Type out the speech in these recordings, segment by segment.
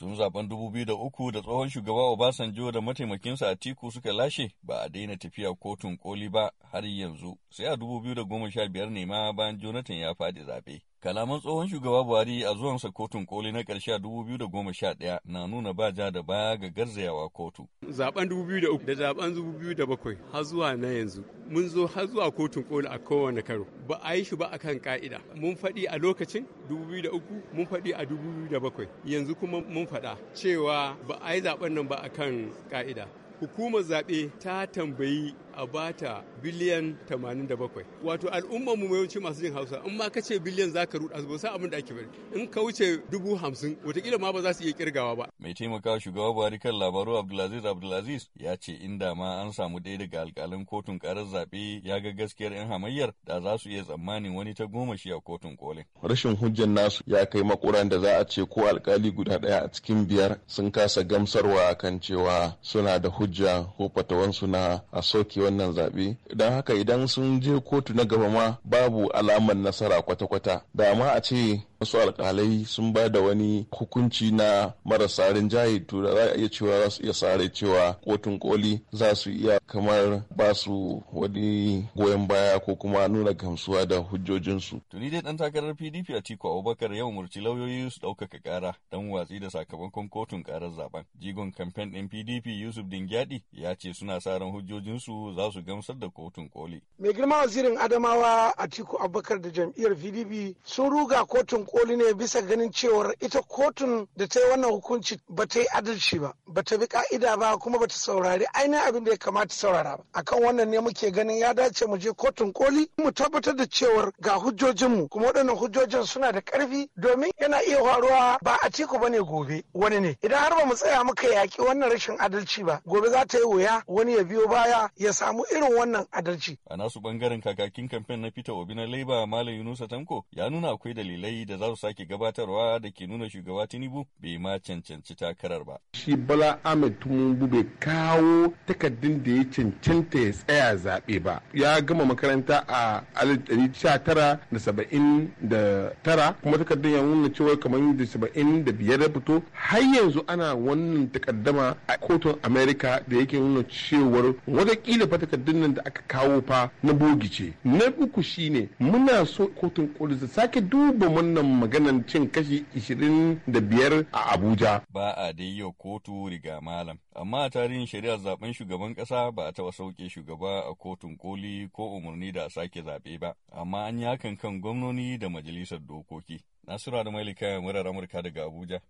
Tun zaben 2003 da tsohon shugaba Obasanjo da mataimakinsa a tiku suka lashe ba a daina tafiya kotun koli ba har yanzu sai a 2015 ne ma bayan Jonathan ya faɗi zaɓe. Kalaman tsohon shugaba Buhari a zuwansa kotun koli na ƙarshe a 2011 na nuna ba ja da baya ga garzayawa kotu. Zaben 2003 da zaben 2007 har zuwa na yanzu mun zo har zuwa kotun koli a kowane karo ba a yi shi ba akan ka'ida. Mun faɗi a lokacin 2003 mun faɗi a 2007 yanzu kuma mun faɗa cewa ba a yi zaben nan ba akan ka'ida. Hukumar zaɓe ta tambayi a bata biliyan 87 wato al'ummar mu yawanci masu jin hausa in ma ka ce biliyan zaka ruɗa su san abin da ake bari in ka wuce dubu hamsin watakila ma ba za su iya kirgawa ba mai taimaka shugaba buhari kan labaru abdulaziz abdulaziz ya ce inda ma an samu ɗaya daga alƙalin kotun ƙarar zaɓe ya ga gaskiyar 'yan hamayyar da za su iya tsammanin wani ta goma shi a kotun kolin rashin hujjan nasu ya kai makuran da za a ce ko alkali guda ɗaya a cikin biyar sun kasa gamsarwa kan cewa suna da hujja ko fatawansu na a sokewa wannan zaɓe don haka idan sun je kotu na gaba ma babu alamar nasara kwata-kwata da ma a ce wasu alkalai sun ba da wani hukunci na marasa rinjaye to za a iya cewa za su iya sare cewa kotun koli za su iya kamar ba su wani goyon baya ko kuma nuna gamsuwa da hujjojinsu. Tuni dai dan takarar PDP a Tiko Abubakar yau murci lauyoyi su ɗaukaka kara dan watsi da sakamakon kotun karar zaben. Jigon kamfen ɗin PDP Yusuf Dingyadi ya ce suna sa ran hujjojinsu za su gamsar da kotun koli. Mai girma wazirin Adamawa a Tiko Abubakar da jam'iyyar PDP sun ruga kotun koli ne bisa ganin cewar ita kotun da ta yi wannan hukunci ba ta yi adalci ba ba ta bi ka'ida ba kuma ba ta saurari ainihin abin da ya kamata saurara ba akan wannan ne muke ganin ya dace mu je kotun koli mu tabbatar da cewar ga hujjojinmu kuma waɗannan hujjojin suna da ƙarfi domin yana iya faruwa ba a tiku ba ne gobe wani ne idan har ba mu tsaya muka yaƙi wannan rashin adalci ba gobe za ta yi wuya wani ya biyo baya ya samu irin wannan adalci. a nasu bangaren kakakin kamfen na peter obi na laiba malam yunusa tanko ya nuna akwai dalilai da za su sake gabatarwa da ke nuna shugaba Tinubu bai ma cancanci takarar ba. shi bala ahmed tumubu bai kawo takardun da ya cancanta ya tsaya zaɓe ba ya gama makaranta a 1979 kuma takardun ya nuna cewa kamar da 75 ya fito har yanzu ana wannan takaddama a kotun america da yake nuna cewar watakila fa takardun nan da aka kawo fa na bogice na uku shine muna so kotun koli su sake duba wannan maganan cin kashi 25 a abuja ba a dai yau ko kotu riga malam. Amma a tarihin shari'ar zaben shugaban ƙasa ba a taɓa sauke shugaba a kotun koli ko umarni da a sake zaɓe ba, amma an yi hakan kan gwamnoni da majalisar dokoki. Nasura da Malika murar Amurka daga Abuja,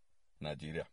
Najeriya.